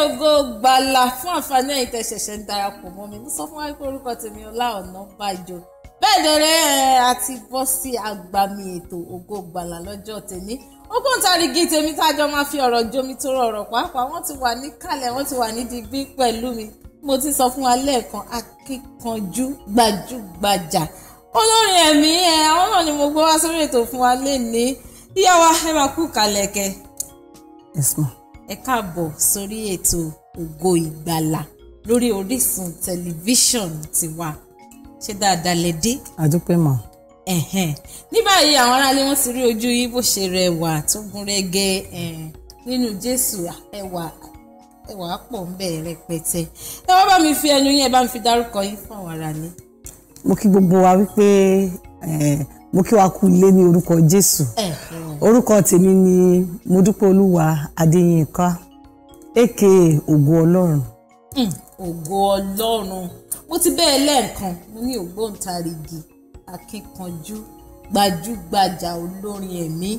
Ògo Ìgbàlà fún àǹfààní ẹ̀yin tẹ́ ṣẹ̀ṣẹ̀ ń darapọ̀ mọ́ mi mo sọ fún wa pé orúkọ tèmi Ọlá Ọ̀nàbàjọ bẹ́ẹ̀ dẹ̀rẹ́ a ti bọ́ sí agbami ètò Ògo Ìgbàlà lọ́jọ́ tèmi ògbóǹtarìgì tèmi tájọ máa fi ọ̀rọ̀ jomi tó rọrọ̀ pàápàá wọ́n ti wà ní kalẹ̀ wọ́n ti wà ní digbí pẹ̀lú mi mo ti sọ fún wa lẹ́ẹ̀kan akíkanjú gbajúgbajà olórin ẹ̀mí ẹ̀ àwọn náà ni mo gbọ́ wá sórí ètò fún wa lé ní ìyá wa ẹ máa kú kalẹ̀ kẹ. Yes ma ẹ káàbọ̀ sórí ètò ògo ìgbàlà lórí orísun tẹlifíṣọ̀n tiwa ṣé dáadáa lè dé. àdúpẹ́ mọ́. ní báyìí àwọn aráalé wọn ti rí ojú yìí bó ṣe rẹwà tó gún rẹ́gẹ́ nínú jésù ẹwà ẹwà pọ̀ ń rẹpẹtẹ ẹ wá bá mi fi ẹnu yín ẹ bá mi fi dárúkọ yín fún àwọn aráalé. mo kí gbogbo wa wípé mo kí wa kú ilé ní orúkọ jésù orúkọ tèmi ni modúpẹ́olúwa adéyínká èké ògo ọlọ́run. Hmm, ògo ọlọ́run mo ti bẹ́ẹ̀ lẹ́ẹ̀kan mo ní ògbóǹtarìgì akínkanjú gbajúgbajà olórin ẹ̀mí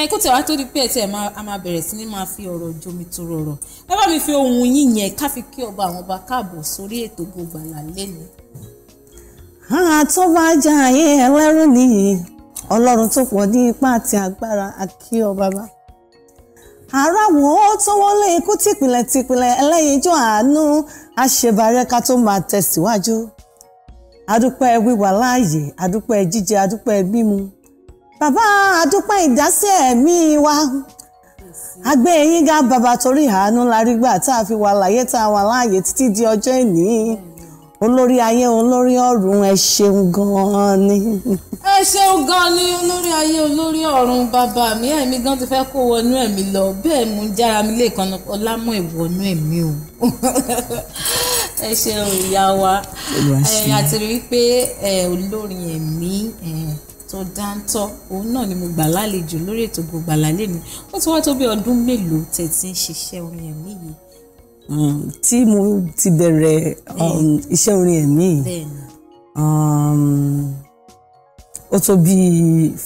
ẹ kó tẹ̀wá tó di pé ẹ̀tẹ̀ a máa bẹ̀rẹ̀ sí ni máa fi ọ̀rọ̀ jomi tó rọrọ̀ ẹ bá mi fi ohun yín yẹn kí ọba àwọn ọba káàbọ̀ sórí ètò Ògo Ìgbàlà lẹ́nu tó bá jà ayé ẹlẹ́rù nìyí ọlọ́run tó pọ̀ ní ipá àti agbára àkí ọ bàbá. ara wọn ó tó wọlé ikú tìpìlẹ̀ tìpìlẹ̀ ẹlẹ́yinjú àánú àṣebàárẹ́ ká tó máa tẹ̀síwájú. adúpẹ́ wíwà láàyè adúpẹ́ jíjẹ adúpẹ́ mímu bàbá adúpẹ́ ìdásí ẹ̀mí wa agbé yín ga bàbá torí àánú la rí gbà tá a fi wà láyé tá a wà láàyè títí di ọjọ́ ìní. Mm olórí ayé olórí ọ̀run ẹ ṣeun gan-an ni. ẹ ṣeun gan-an ni olórí ayé olórí ọ̀run bàbá mi ẹ̀mí gan ti fẹ́ kó wọnú ẹ̀mí lọ bẹ́ẹ̀ mú jára mi lẹ́ẹ̀kan ọlámọ̀ ìwọnú ẹ̀mí o ẹ ṣeun ìyá wa àti rí i pé olórin ẹ̀mí tó dáńtọ́ òun náà ni mo gbà lálejò lórí ètò Ògo Ìgbàlà lẹ́nu ó ti wá tó bí ọdún mélòó tẹ̀ tí ń ṣiṣẹ́ orin ẹ̀mí yìí Mm, tí mo ti bẹ̀rẹ̀ um, iṣẹ́ orin ẹ̀mí um, ó tó bí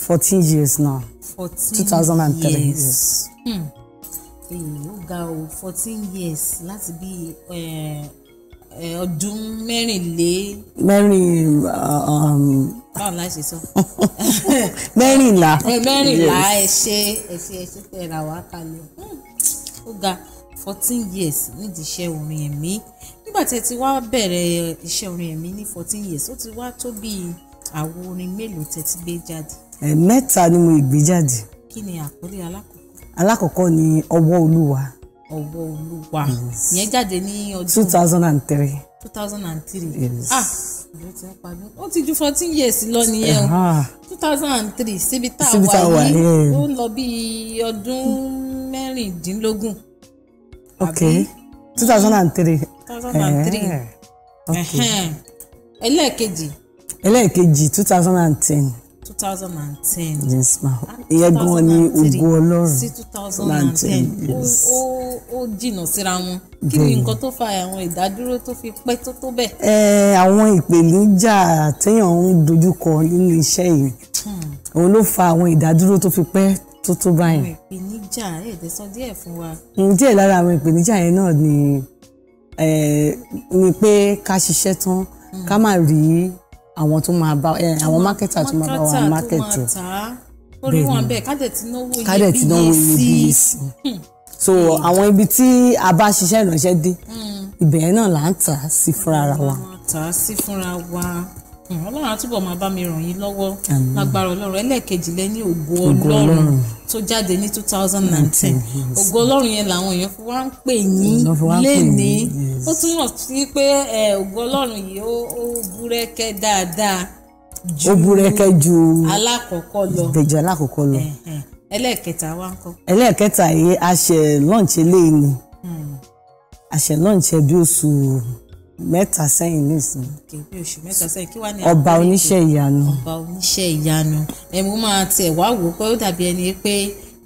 fourteen years now two thousand and three years. Hmm. ó ga o fourteen years láti bí ọdún mẹ́rìnlé. mẹ́rin um, báwo la ṣe sọ. mẹ́rìnlá. mẹ́rìnlá ẹ ṣe ẹ ṣe ẹ ṣe tẹ̀ ra wá kalẹ̀ hmm, ó ga fourteen years nídìí iṣẹ́ orin ẹ̀mí nígbà tí ẹ ti wá bẹ̀rẹ̀ iṣẹ́ orin ẹ̀mí ní fourteen years ó ti wá tó bíi àwo orin mélòó tẹ́ ti gbé jáde. ẹ mẹ́ta ni mo gbé jáde. kí ni àkórí alákọ̀ọ́kọ́. alákọ̀ọ́kọ́ ni ọwọ́ olúwa. ọwọ́ olúwa ìyẹn jáde ní ọdún. two thousand and three. two thousand and three. ah ìlú ti ń ó ti ju fourteen years lọ nìyẹn o two thousand and three síbi tá a wà yìí ó ń lọ bí ọdún mẹ́rìndínlógún okay two thousand and three. two thousand and three. Eh, okay. ẹlẹ́ẹ̀kejì. ẹlẹ́ẹ̀kejì two thousand and ten. two thousand and ten. yes ma ah, ìyẹn gan ni ògo ọlọ́run. sí two thousand and ten ó ó jìnnà síra wọn kí ni nǹkan tó fa àwọn ìdádúró tó fi pẹ́ tó tó bẹ́ẹ̀. ẹ eh, àwọn ìpèníjà téèyàn ń dojúkọ nínú iṣẹ́ yìí hmm. òun ló fa àwọn ìdádúró tó fi pẹ́ tuntun báyìí. àwọn ìpèníjà èdè sọ díẹ̀ fún wa. Mm, díẹ̀ lára àwọn ìpèníjà yẹn náà ni ni pé ká ṣiṣẹ́ tán mm. ká má rí àwọn tó máa bá àwọn mákẹ́tà tó máa bá wa mákẹ́tì. orí wọn bẹ́ẹ̀ kádẹ̀ tí náwó iyebíye sí. sí. Hmm. so àwọn ibi tí a bá ṣiṣẹ́ ìránṣẹ́ dé hmm. ibẹ̀ náà là ń tà sí fúnra wa. tà sí fúnra wa ọlọ́run àtúbọ̀ máa bá mi ràn yín lọ́wọ́ lágbára ọlọ́run ẹlẹ́ẹ̀kejì lẹ ògo ọlọ́run tó jáde ní two thousand and ten ògo ọlọ́run yẹn làwọn èèyàn fi wá ń pè yín léni ó túmọ̀ sí pé ògo ọlọ́run yìí ó búrẹ́kẹ́ dáadáa ju ó búrẹ́kẹ́ ju alákọ̀ọ́kọ́ lọ ìbejì alákọ̀ọ́kọ́ lọ ẹlẹ́ẹ̀kẹta wá ń kọ́. ẹlẹ́ẹ̀kẹta yìí a ṣe léyìn ni hmm. a ṣe bí oṣù mẹ́ta sẹ́yìn nísìnyí. kébí oṣù mẹ́ta sẹ́yìn kí wàá ní. ọba oníṣẹ́ ìyanu. ọba oníṣẹ́ ìyanu ẹ mo máa tẹ̀ wá wò pé ó dàbí ẹni pé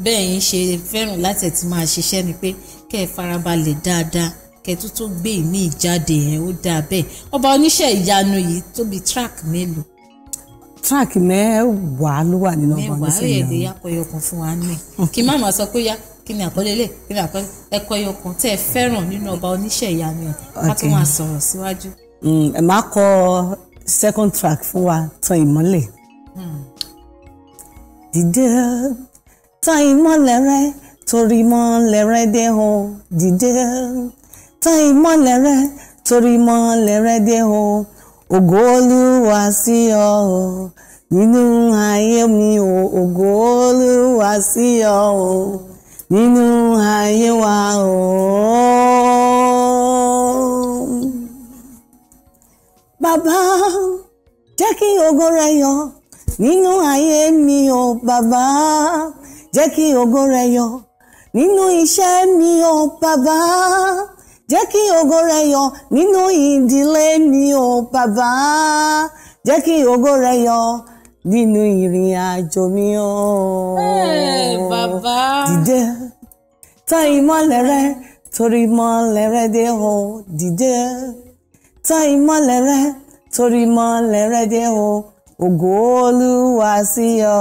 bẹ́ẹ̀ yín ṣe fẹ́ràn láti ẹ̀ ti máa ṣiṣẹ́ ni pé kẹ́ ẹ farabalẹ̀ dáadáa kẹ́ ẹ tún tó gbé ìmí ìjáde yẹn ó dáa bẹ́ẹ̀ ọba oníṣẹ́ ìyanu yìí tóbi track mélòó. track mẹ́wàá ló wà nínú ọba oníṣẹ́ ìyanu. mẹ́wàá ó yẹ kí ni àkọlé lè kí ni àkọlé ẹ̀kọ́ ẹyọ kan tẹ́ ẹ fẹ́ràn nínú ọba oníṣẹ́ ìyanu ẹ̀ ká tó máa síwájú. Mm, ẹ máa kọ second track fún wa tan ìmọ́lẹ̀. Hmm. dìde tan ìmọ́lẹ̀ rẹ torí mọ́lẹ̀ rẹ dé o dìde tan ìmọ́lẹ̀ rẹ torí mọ́lẹ̀ rẹ dé o ògo Olúwa sí ọ nínú ayé mi o ògo Olúwa sí ọ nínú ayé wa o. Bàbá jẹ́ kí ògo rẹ yọ nínú ayé mi o bàbá jẹ́ kí ògo rẹ yọ nínú iṣẹ́ mi o bàbá jẹ́ kí ògo rẹ yọ nínú ìdílé mi o bàbá jẹ́ kí ògo rẹ yọ nínú ìrìn àjò mi ooo eh, dìde tàn ìmọ́lẹ̀ rẹ torí ìmọ́lẹ̀ rẹ dé o dìde tàn ìmọ́lẹ̀ rẹ torí ìmọ́lẹ̀ rẹ dé o ògo Olúwa sí ọ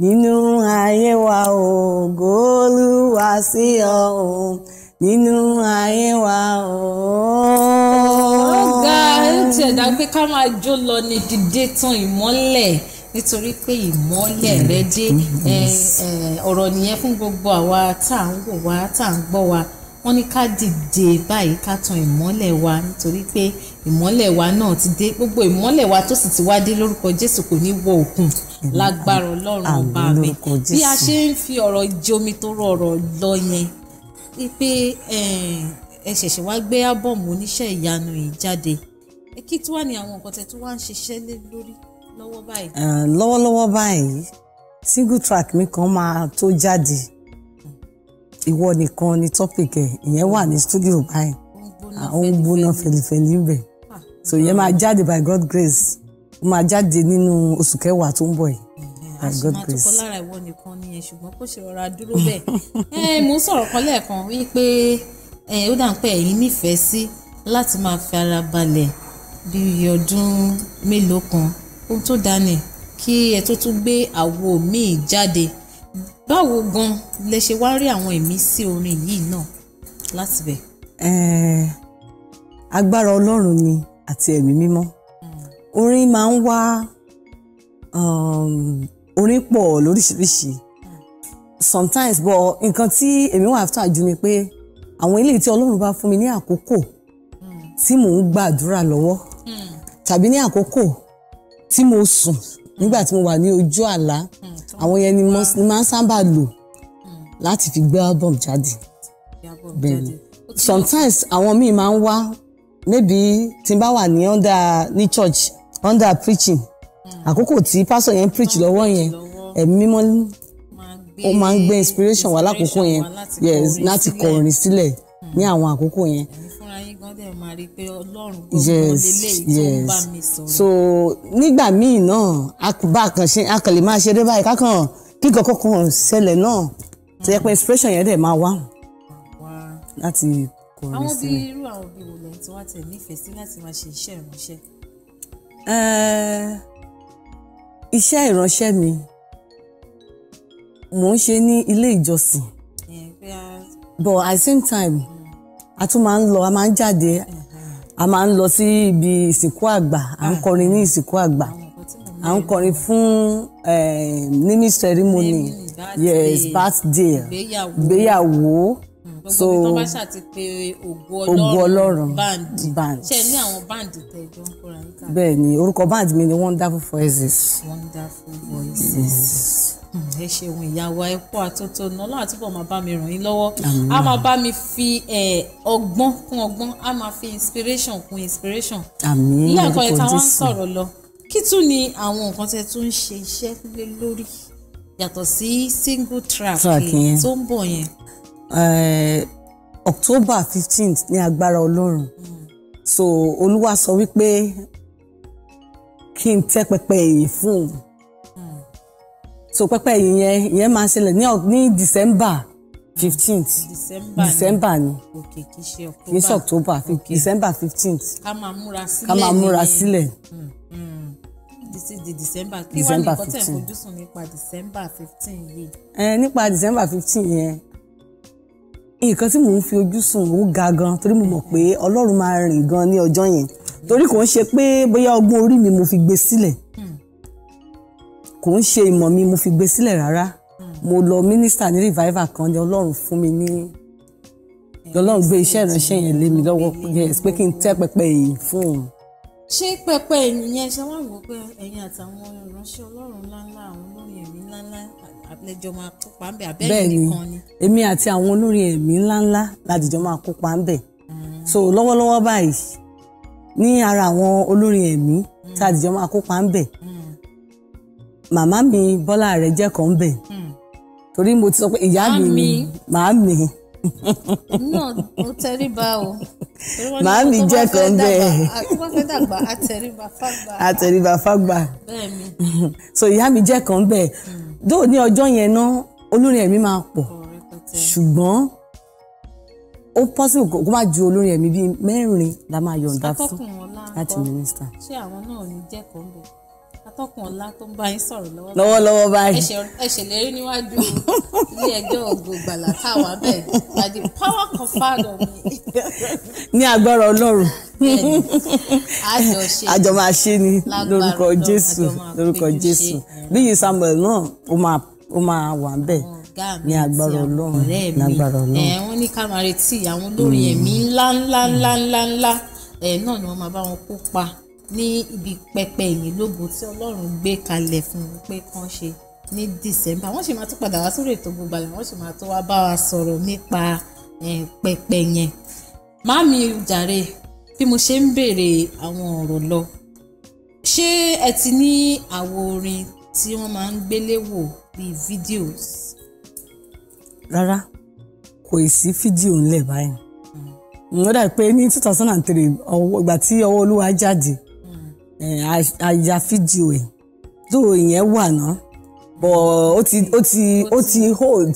nínú ayé wa o ògo sí ọ nínú ayé wa o ga ti ẹ̀dá pé ká máa jó lọ ní dídé tán ìmọ́lẹ̀ nítorí pé ìmọ́lẹ̀ rẹ dé ọ̀rọ̀ nìyẹn fún gbogbo àwa tá à ń wò wá tá à ń gbọ́ wa wọ́n ní ká dìde báyìí ká tan ìmọ́lẹ̀ wa nítorí pé ìmọ́lẹ̀ wa náà ti dé gbogbo ìmọ́lẹ̀ wa tó sì ti wá dé lórúkọ Jésù kò ní wọ òkun lágbára Ọlọ́run ọba mi bí a ṣe ń fi ọ̀rọ̀ jomi tó rọrọ̀ lọ yẹn pé ẹ ṣẹ̀ṣẹ̀ wá gbé ábọ̀mù oníṣẹ́ ìyanu yìí jáde ẹ kí tí wà ní àwọn nǹkan tẹ tó wá ń ṣiṣẹ́ lé lórí lọ́wọ́ báyìí. lọ́wọ́lọ́wọ́ báyìí single track mi kan máa tó jáde ìwọ nìkan ni topic ẹ ìyẹn wà ní studio báyìí àwọn gbóná fẹlifẹli ń bẹ ah, so ìyẹn máa jáde by God grace ó máa jáde nínú oṣù kẹwàá tó ń bọ̀ yìí by God grace. àṣìmọ́ àtúkọ́ lára ìwọ nìkan nìyẹn ṣùgbọ́n kó ṣe rọra dúró bẹ́ẹ̀ mo ń sọ̀rọ̀ kan lẹ́ẹ̀kan wípé ó dà ń pé ẹ̀yin nífẹ̀ẹ́ sí láti máa fi ara balẹ̀ bíi ọdún mélòó kan ohun tó dáa ni kí ẹ tó tún gbé àwo míì jáde báwo gan lẹ ṣe wá rí àwọn ìmísí orin yìí náà láti bẹ̀. agbára ọlọ́run ni àti ẹ̀mí mímọ́ hmm. orin máa ń wá um, orin pọ̀ lóríṣiríṣi hmm. sometimes but nǹkan tí èmi wà after jù ni pé àwọn eléyìí tí ọlọ́run bá fún mi ní àkókò tí mò ń gbàdúrà lọ́wọ́ tàbí ní àkókò tí mo sùn nígbà tí mo wà ní ojú àlá àwọn yẹn ni máa ń sábà lò láti fi gbé album jáde bẹ́ẹ̀ni sometimes àwọn míì máa ń wá maybe tí n bá wà ní under ní church under preaching àkókò tí pásọ yẹn preach lọ́wọ́ yẹn ẹ̀mí mímọ́ ó máa ń gbé inspiration wá lákòókò yẹn yes láti kọ orin sílẹ̀ ní hmm. àwọn àkókò yẹn. yes yes so nígbà míì náà àkùbá àkànṣe àkànlè máa ṣeré báyìí kákan kíkọ kọkàn ṣẹlẹ̀ náà tó yẹ pé hmm. inspiration yẹn dẹ̀ máa wá láti kọ orin sílẹ̀. àwọn bí irú àwọn òbí wo lẹ́yìn tí wọ́n tẹ̀ nífẹ̀ẹ́ sí láti máa ṣe iṣẹ́ ìránṣẹ́. Eh, iṣẹ́ ìránṣẹ́ mi mò ń ṣe ní ilé ìjọsìn but at the same time a tún máa ń lọ a máa ń jáde a máa ń lọ sí ibi ìsìnkú àgbà à ń kọrin ní ìsìnkú àgbà à ń kọrin fún eh, naming ceremony yes birthday ìgbéyàwó so ògo ọlọ́run band ṣe band tẹjọ ń orúkọ band mi ni wonderful voices. wonderful voices. Yes. Mm, ẹ ṣeun ìyá wa ẹ kú àtótónu ọlọ́run àtúbọ̀ máa bá mi ràn yín lọ́wọ́ a máa bá mi fi ọgbọ́n kún ọgbọ́n a máa fi inspiration kún inspiration ìyá nǹkan yẹn táwọn ń sọ̀rọ̀ lọ kí tún ni àwọn nǹkan tẹ tún ń ṣe iṣẹ́ lé lórí yàtọ̀ sí single track yẹn tó ń bọ̀ yẹn. October fifteenth ní agbára ọlọ́run mm. so olúwa sọ wípé kí n tẹ́ pẹpẹ ìyìn fún òun so pẹpẹ ìyẹn ìyẹn máa ṣẹlẹ̀ ní ní december fifteenth december ni kì í ṣe october december fifteenth ká máa múra sílẹ̀ mm, mm. títí di december kí wàá ní kọ́tẹ̀ fojúsùn nípa december fifteen yìí. ẹ nípa december fifteen yẹn nǹkan tí mò ń fi ojú sùn ó ga gan torí mo mọ̀ pé mm-hmm. ọlọ́run máa rìn gan ní ọjọ́ yẹn torí kò ń ṣe pé bóyá ọgbọ́n orí mi mo fi gbé sílẹ̀ kò ń ṣe ìmọ̀ mi mo fi gbé sílẹ̀ rárá mo lọ mínísítà ní revival kan ni ọlọ́run fún mi ní ọlọ́run gbé iṣẹ́ ìránṣẹ́ yẹn lé mi lọ́wọ́ yes pé kí n tẹ́ pẹpẹ ìyìn fún òun. ṣé pẹpẹ ìyìn yẹn ṣe wá wò pé ẹ̀yin àtàwọn ìránṣẹ́ ọlọ́run ńláńlá àwọn olórin ẹ̀mí ńláńlá àlejò máa kópa ńbẹ̀ abẹ́rẹ́ nìkan ni. bẹ́ẹ̀ni èmi àti àwọn olórin ẹ̀mí ńláńlá làdìjọ máa kópa ńbẹ̀ so lọ́wọ́lọ́wọ́ báyìí ní ara àwọn olórin ẹ̀mí mm. tàdìjọ máa kópa ńbẹ̀. Mm màmá mi Bọ́lá rẹ̀ jẹ́ kan bẹ̀ hmm. torí mo ti sọ pé ìyá mi ni màá mi. náà mo tẹríba o. màá mi jẹ́ kan bẹ́ẹ̀. tó bá fẹ́ dàgbà àtẹríba fàgbà. àtẹríba fàgbà. bẹ́ẹ̀ni. so ìyá mi jẹ́ kan bẹ́ẹ̀ dóò hmm. ní ọjọ́ yẹn náà olórin ẹ̀mí máa pọ̀ ṣùgbọ́n ó possible kó má ju olórin ẹ̀mí bíi mẹ́rin la máa yọ̀ǹda fún láti mínísítà. ṣé àwọn náà ò ní jẹ́ kan bẹ́ẹ̀ atọ́kùn ọ̀la tó ń bá yín sọ̀rọ̀ lọ́wọ́lọ́wọ́ báyìí ẹ ṣèlérí níwájú ilé ẹjọ́ ògo gbàlà táwa bẹ́ẹ̀ by the power of on me. ní agbára ọlọ́run àjọ máa ṣe ni lórúkọ jésù lórúkọ jésù bíyì samuel náà ó máa ó máa wà ń bẹ̀ ní agbára ọlọ́run ní agbára ọlọ́run. ẹ wọn ní ká máa retí àwọn olórin ẹ̀mí ńlá ńlá ńlá ńlá ńlá ẹ náà ni wọn máa bá wọn kópa ní ibi pẹpẹ ìmílógo tí ọlọ́run gbé kalẹ̀ fún un pé kán ṣe ní december wọ́n sì máa tún padà wá sórí ètò Gbogbo Àlà wọ́n sì máa tó wá bá wa sọ̀rọ̀ nípa pẹpẹ yẹn màámi jàre bí mo ṣe ń béèrè àwọn ọ̀rọ̀ lọ ṣé ẹ ti ní àwo orin tí wọ́n máa ń gbélé wò bíi videos. rárá kò ì sí fídíò ńlẹ̀ báyìí hmm. ó dà pé ní two thousand and three ìgbà tí ọwọ́ olúwa jáde àyà eh, fídíò ẹ̀ tó ìyẹn wà ná bọ̀ ó ti ó ti ó ti hold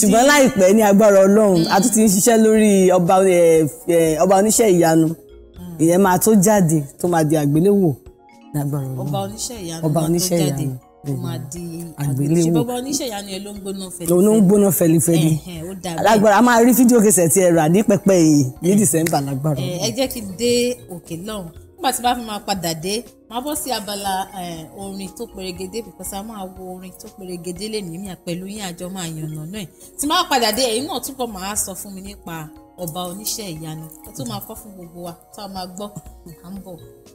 ṣùgbọ́n láìpẹ́ ní agbára ọlọ́run a tún ti ń ṣiṣẹ́ lórí ọba eh, eh, oníṣẹ́ ìyanu ìyẹn máa tó jáde tó máa di àgbéléwò lágbára ọlọ́run ọba oníṣẹ́ ìyanu ọba oníṣẹ́ ìyanu ó mm-hmm. máa di àgbélé wò ṣùgbọ́n oníṣẹ̀yà ni ẹ ló ló ń gbóná fẹlifẹli alágbára a máa rí fídíò kẹsẹ̀ tí ẹ rà ní pẹpẹ yìí ní mm. December lágbára. ẹ jẹ́ kí n dé òkè lọ́hùn nígbà tí bá fi máa padà dé máa bọ́ sí abala orin tó perégedé because a máa wo orin tó perégedé lè nímìà pẹ̀lú yín àjọ máa yànnà náà ẹ̀ tí máa padà dé ẹ̀yin náà túbọ̀ máa sọ fún mi nípa ọba oníṣẹ́ ìyanu tó máa kọ́ fún gbogbo wa tó a máa gbọ́ à ń bọ̀.